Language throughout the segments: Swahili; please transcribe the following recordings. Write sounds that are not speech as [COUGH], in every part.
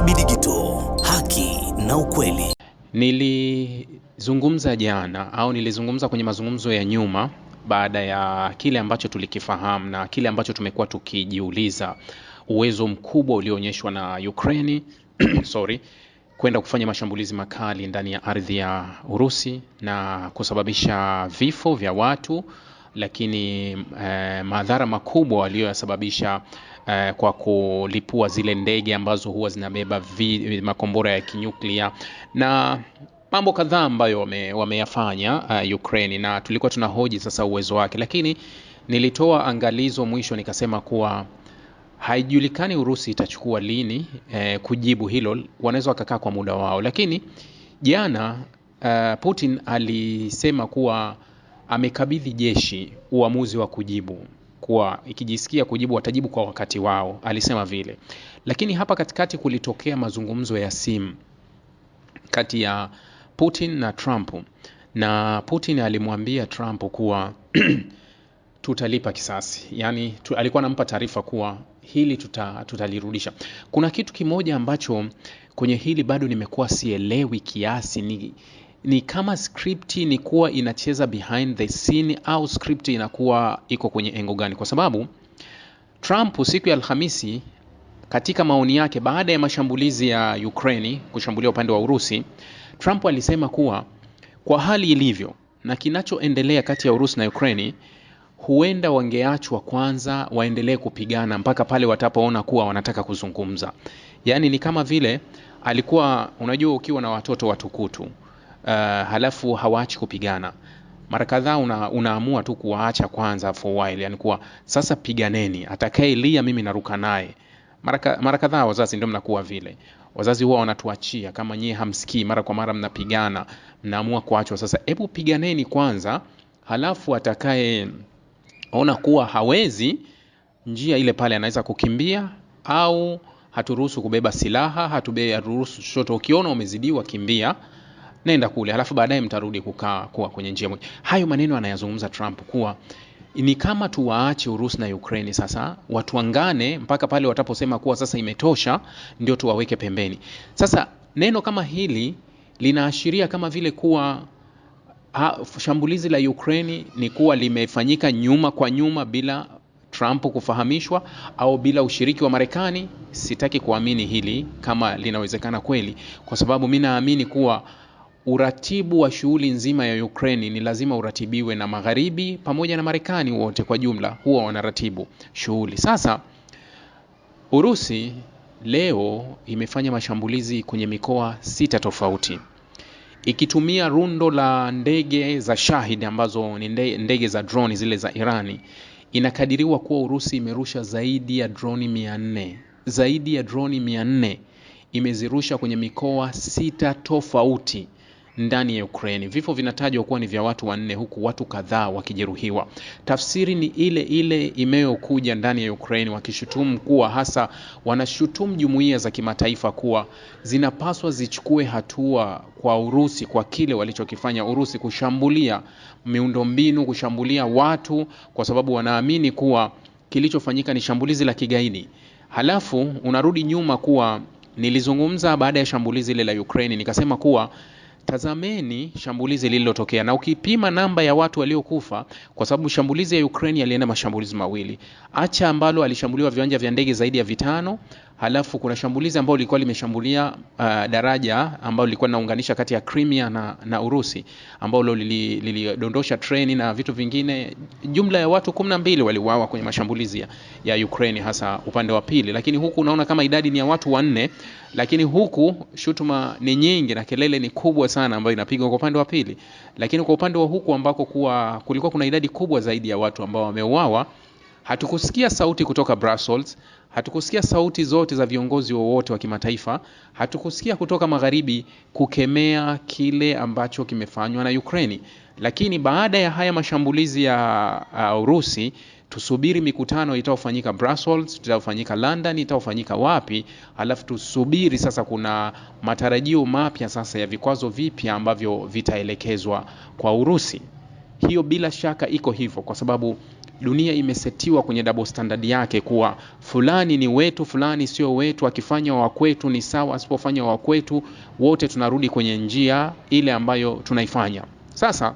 Washbi Digital, haki na ukweli. Nilizungumza jana au nilizungumza kwenye mazungumzo ya nyuma baada ya kile ambacho tulikifahamu na kile ambacho tumekuwa tukijiuliza, uwezo mkubwa ulioonyeshwa na Ukraine [CLEARS THROAT] sorry, kwenda kufanya mashambulizi makali ndani ya ardhi ya Urusi na kusababisha vifo vya watu, lakini eh, madhara makubwa aliyoyasababisha Eh, kwa kulipua zile ndege ambazo huwa zinabeba makombora ya kinyuklia na mambo kadhaa ambayo wame, wameyafanya uh, Ukraine na tulikuwa tunahoji sasa uwezo wake, lakini nilitoa angalizo mwisho nikasema kuwa haijulikani Urusi itachukua lini eh, kujibu hilo. Wanaweza wakakaa kwa muda wao, lakini jana uh, Putin alisema kuwa amekabidhi jeshi uamuzi wa kujibu kuwa ikijisikia kujibu watajibu kwa wakati wao, alisema vile. Lakini hapa katikati kulitokea mazungumzo ya simu kati ya Putin na Trump, na Putin alimwambia Trump kuwa [CLEARS THROAT] tutalipa kisasi, yani tu, alikuwa anampa taarifa kuwa hili tuta, tutalirudisha. Kuna kitu kimoja ambacho kwenye hili bado nimekuwa sielewi kiasi ni ni kama skripti ni kuwa inacheza behind the scene au skripti inakuwa iko kwenye engo gani? Kwa sababu Trump siku ya Alhamisi katika maoni yake baada ya mashambulizi ya Ukraine kushambulia upande wa Urusi, Trump alisema kuwa kwa hali ilivyo na kinachoendelea kati ya Urusi na Ukraine, huenda wangeachwa kwanza waendelee kupigana mpaka pale watapoona kuwa wanataka kuzungumza. Yaani ni kama vile alikuwa, unajua, ukiwa na watoto watukutu Eh, halafu hawaachi kupigana mara kadhaa una, unaamua tu kuwaacha kwanza for while, yani kuwa sasa piganeni, atakaye lia mimi naruka naye. Mara kadhaa wazazi ndio mnakuwa vile, wazazi huwa wanatuachia kama nyie hamsikii, mara kwa mara mnapigana, mnaamua kuachwa. Sasa hebu piganeni kwanza, halafu atakaye ona kuwa hawezi, njia ile pale anaweza kukimbia au haturuhusu kubeba silaha, haturuhusu chochote. Ukiona umezidiwa, kimbia nenda kule, halafu baadaye mtarudi kukaa kuwa kwenye njia moja. Hayo maneno anayazungumza Trump kuwa ni kama tuwaache Urusi na Ukraini sasa watuangane mpaka pale wataposema kuwa sasa imetosha, ndio tuwaweke pembeni. Sasa neno kama hili linaashiria kama vile kuwa ha, shambulizi la Ukraini ni kuwa limefanyika nyuma kwa nyuma bila Trump kufahamishwa au bila ushiriki wa Marekani. Sitaki kuamini hili kama linawezekana kweli, kwa sababu mi naamini kuwa uratibu wa shughuli nzima ya Ukraine ni lazima uratibiwe na magharibi pamoja na Marekani, wote kwa jumla huwa wanaratibu shughuli. Sasa Urusi leo imefanya mashambulizi kwenye mikoa sita tofauti ikitumia rundo la ndege za Shahid ambazo ni ndege za droni zile za Irani. Inakadiriwa kuwa Urusi imerusha zaidi ya droni 400, zaidi ya droni 400 imezirusha kwenye mikoa sita tofauti ndani ya Ukraine. Vifo vinatajwa kuwa ni vya watu wanne huku watu kadhaa wakijeruhiwa. Tafsiri ni ile ile imeyokuja ndani ya Ukraine, wakishutumu kuwa hasa wanashutumu jumuiya za kimataifa kuwa zinapaswa zichukue hatua kwa Urusi kwa kile walichokifanya Urusi, kushambulia miundombinu, kushambulia watu, kwa sababu wanaamini kuwa kilichofanyika ni shambulizi la kigaidi. Halafu unarudi nyuma kuwa nilizungumza baada ya shambulizi ile la Ukraine nikasema kuwa Tazameni shambulizi lililotokea na ukipima namba ya watu waliokufa, kwa sababu shambulizi ya Ukraine yalienda mashambulizi mawili, acha ambalo alishambuliwa viwanja vya ndege zaidi ya vitano, halafu kuna shambulizi ambalo lilikuwa limeshambulia uh, daraja ambalo lilikuwa linaunganisha kati ya Crimea na, na Urusi ambalo lilidondosha lili treni na vitu vingine. Jumla ya watu 12 waliuawa kwenye mashambulizi ya, ya Ukraine hasa upande wa pili, lakini huku unaona kama idadi ni ya watu wanne, lakini huku shutuma ni nyingi na kelele ni kubwa sana ambayo inapigwa kwa upande wa pili, lakini kwa upande wa huku ambako kuwa kulikuwa kuna idadi kubwa zaidi ya watu ambao wameuawa, hatukusikia sauti kutoka Brussels, hatukusikia sauti zote za viongozi wowote wa, kimataifa, hatukusikia kutoka magharibi kukemea kile ambacho kimefanywa na Ukraini. Lakini baada ya haya mashambulizi ya uh, Urusi tusubiri mikutano itaofanyika Brussels, itaofanyika London, itaofanyika wapi, alafu tusubiri sasa. Kuna matarajio mapya sasa ya vikwazo vipya ambavyo vitaelekezwa kwa Urusi. Hiyo bila shaka iko hivyo kwa sababu dunia imesetiwa kwenye double standard yake kuwa fulani ni wetu, fulani sio wetu. Akifanya wa kwetu ni sawa, asipofanya wa kwetu wote tunarudi kwenye njia ile ambayo tunaifanya. Sasa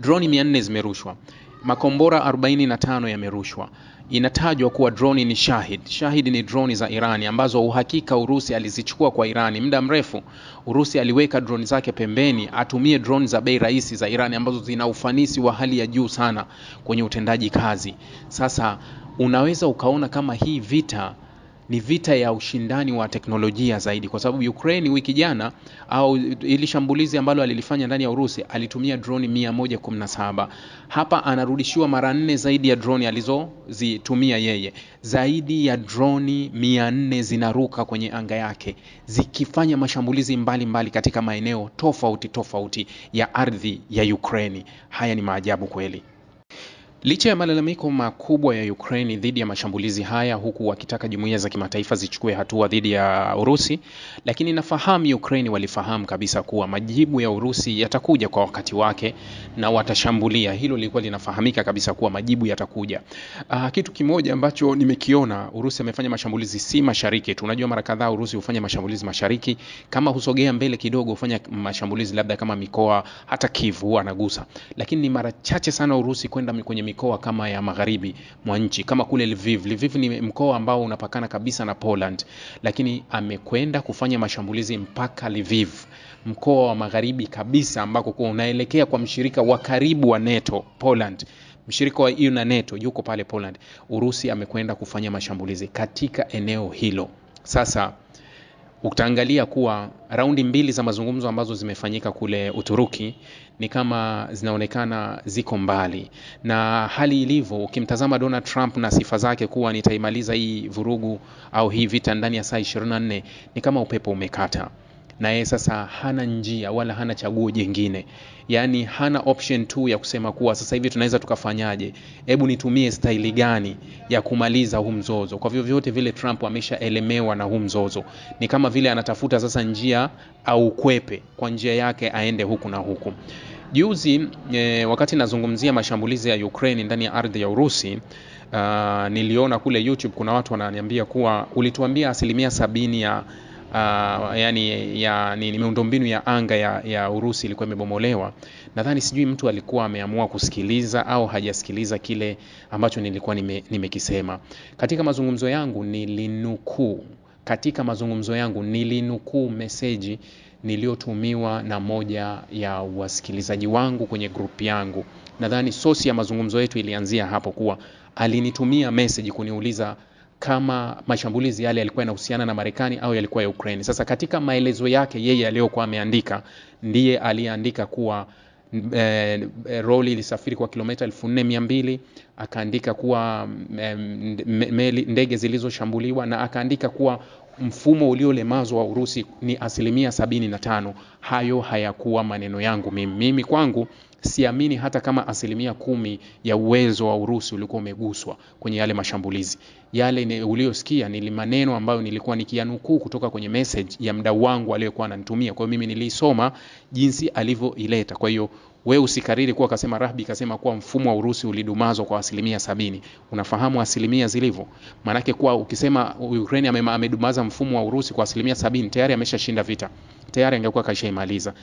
droni 400 zimerushwa. Makombora 45 yamerushwa. Inatajwa kuwa droni ni Shahid. Shahid ni droni za Irani ambazo uhakika Urusi alizichukua kwa Irani muda mrefu. Urusi aliweka droni zake pembeni atumie droni za bei rahisi za Irani ambazo zina ufanisi wa hali ya juu sana kwenye utendaji kazi. Sasa unaweza ukaona kama hii vita ni vita ya ushindani wa teknolojia zaidi, kwa sababu Ukraine wiki jana au ili shambulizi ambalo alilifanya ndani ya Urusi alitumia droni 117. Hapa anarudishiwa mara nne zaidi ya droni alizozitumia yeye. Zaidi ya droni 400 zinaruka kwenye anga yake zikifanya mashambulizi mbalimbali mbali katika maeneo tofauti tofauti ya ardhi ya Ukraine. Haya ni maajabu kweli. Licha ya malalamiko makubwa ya Ukraine dhidi ya mashambulizi haya, huku wakitaka jumuiya za kimataifa zichukue hatua dhidi ya Urusi, lakini nafahamu Ukraine walifahamu kabisa kuwa majibu ya Urusi yatakuja kwa wakati wake na watashambulia. Hilo lilikuwa linafahamika kabisa kuwa majibu yatakuja. Aa, ah, kitu kimoja ambacho nimekiona, Urusi amefanya mashambulizi si mashariki Tunajua mara kadhaa Urusi hufanya mashambulizi mashariki, kama husogea mbele kidogo hufanya mashambulizi labda kama mikoa hata Kivu anagusa, lakini ni mara chache sana Urusi kwenda kwenye mikoa kama ya magharibi mwa nchi kama kule Lviv. Lviv ni mkoa ambao unapakana kabisa na Poland, lakini amekwenda kufanya mashambulizi mpaka Lviv, mkoa wa magharibi kabisa, ambako kwa unaelekea kwa mshirika wa karibu wa NATO Poland mshirika wa EU na NATO yuko pale Poland. Urusi amekwenda kufanya mashambulizi katika eneo hilo. Sasa utaangalia kuwa raundi mbili za mazungumzo ambazo zimefanyika kule Uturuki ni kama zinaonekana ziko mbali na hali ilivyo. Ukimtazama Donald Trump na sifa zake kuwa nitaimaliza hii vurugu au hii vita ndani ya saa 24 ni kama upepo umekata na yeye sasa hana njia wala hana chaguo jingine, yaani hana option tu ya kusema kuwa sasa hivi tunaweza tukafanyaje, hebu nitumie staili gani ya kumaliza huu mzozo. Kwa vyovyote vile, Trump ameshaelemewa na huu mzozo, ni kama vile anatafuta sasa njia au kwepe kwa njia yake, aende huku na huku. Juzi e, wakati nazungumzia mashambulizi ya Ukraine ndani ya ardhi ya Urusi, uh, niliona kule YouTube kuna watu wananiambia kuwa ulituambia asilimia sabini ya uh, yani ya nini miundombinu ya anga ya, ya Urusi ilikuwa imebomolewa. Nadhani sijui mtu alikuwa ameamua kusikiliza au hajasikiliza kile ambacho nilikuwa nime, nimekisema katika mazungumzo yangu nilinukuu katika mazungumzo yangu nilinukuu meseji niliyotumiwa na moja ya wasikilizaji wangu kwenye grupu yangu. Nadhani sosi ya mazungumzo yetu ilianzia hapo, kuwa alinitumia meseji kuniuliza kama mashambulizi yale yalikuwa yanahusiana na Marekani au yalikuwa ya Ukraine. Sasa katika maelezo yake yeye aliyokuwa ameandika, ndiye aliyeandika kuwa E, roli ilisafiri kwa kilomita 4200 akaandika kuwa eh, meli, ndege zilizoshambuliwa na akaandika kuwa mfumo uliolemazwa wa Urusi ni asilimia tano. Hayo hayakuwa maneno yangu mimi mimi kwangu siamini hata kama asilimia kumi ya uwezo wa Urusi ulikuwa umeguswa kwenye yale mashambulizi. Yale uliyosikia ni maneno ambayo nilikuwa nikiyanukuu kutoka kwenye message ya mdau wangu aliyokuwa ananitumia. Kwa hiyo mimi nilisoma jinsi alivyoileta. Kwa hiyo we usikariri kuwa kasema Rahbi kasema kuwa mfumo wa Urusi ulidumazwa kwa asilimia sabini. Unafahamu asilimia zilivyo? Maanake kuwa ukisema Ukraine amedumaza mfumo wa Urusi kwa asilimia sabini tayari ameshashinda vita, tayari angekuwa kashaimaliza.